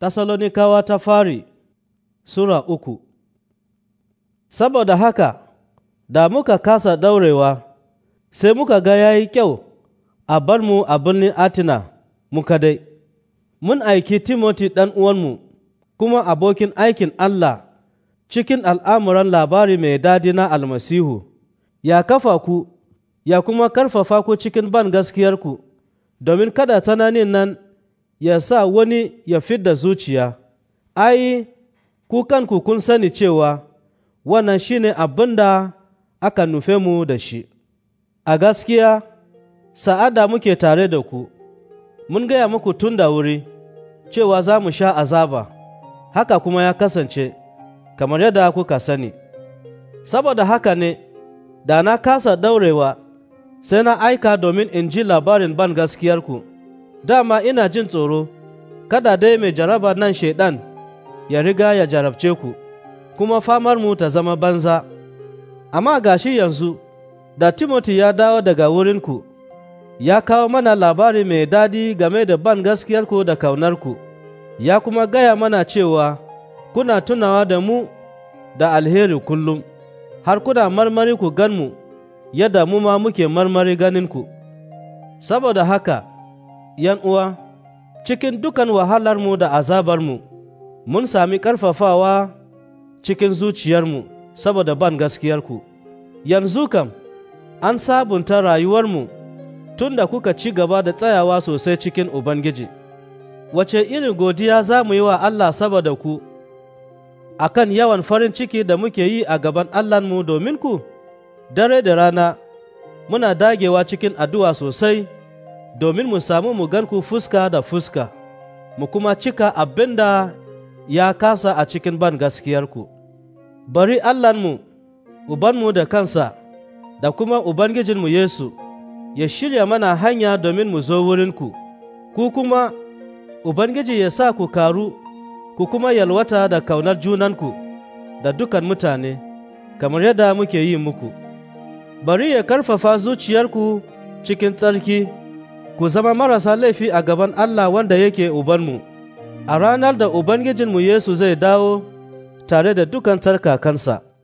tasalonikawa ta fari Sura uku Saboda haka, da muka kasa daurewa, sai muka ga yayi kyau a bar mu a birnin Atina muka dai Mun aiki Timoti ɗan uwanmu, kuma abokin aikin Allah cikin al'amuran labari mai dadi na almasihu, ya kafa ku, ya kuma karfafa ku cikin ban gaskiyar ku domin kada tsananin nan ya sa wani ya fidda zuciya, ai, ku kun sani cewa wannan shi ne abin da aka nufe mu da shi. A gaskiya, sa'ada muke tare da ku, mun gaya muku tun da wuri cewa za mu sha azaba, haka kuma ya kasance, kamar yadda kuka sani. Saboda haka ne, da na kasa daurewa, sai na aika domin in ji labarin ban gaskiyarku. dama ina jin tsoro, kada dai mai jaraba nan shaiɗan ya riga ya jarabce ku, kuma famar mu ta zama banza. Amma gashi yanzu, da Timoti ya dawo daga wurinku, ya kawo mana labari mai daɗi game da ban gaskiyarku da kaunarku, ya kuma gaya mana cewa kuna tunawa da mu da alheri kullum, har kuna marmari ku ganmu yadda mu ma muke marmari ganinku. Saboda haka, ’yan uwa, cikin dukan wahalarmu da azabarmu, mun sami ƙarfafawa cikin zuciyarmu saboda ban gaskiyarku. Yanzu kam, an sabunta rayuwarmu tun da kuka ci gaba da tsayawa sosai cikin Ubangiji. Wace irin godiya za mu yi wa Allah saboda ku, a kan yawan farin ciki da muke yi a gaban Allahnmu domin ku, dare da rana, muna dagewa cikin addu'a sosai. domin mu samu mu ku fuska da fuska, mu kuma cika abin da ya kasa a cikin ban gaskiyarku. Bari Allahnmu, Ubanmu da kansa, da kuma Ubangijinmu Yesu, ya shirya mana hanya domin mu zo wurinku, ku kuma Ubangiji ya sa ku karu, ku kuma yalwata da kaunar junanku da dukan mutane, kamar yadda muke yi muku. Bari ya karfafa zuciyarku cikin tsarki. ku zama marasa laifi a gaban Allah wanda yake ubanmu, a ranar da Ubangijinmu Yesu zai dawo tare da dukan tsarkakansa.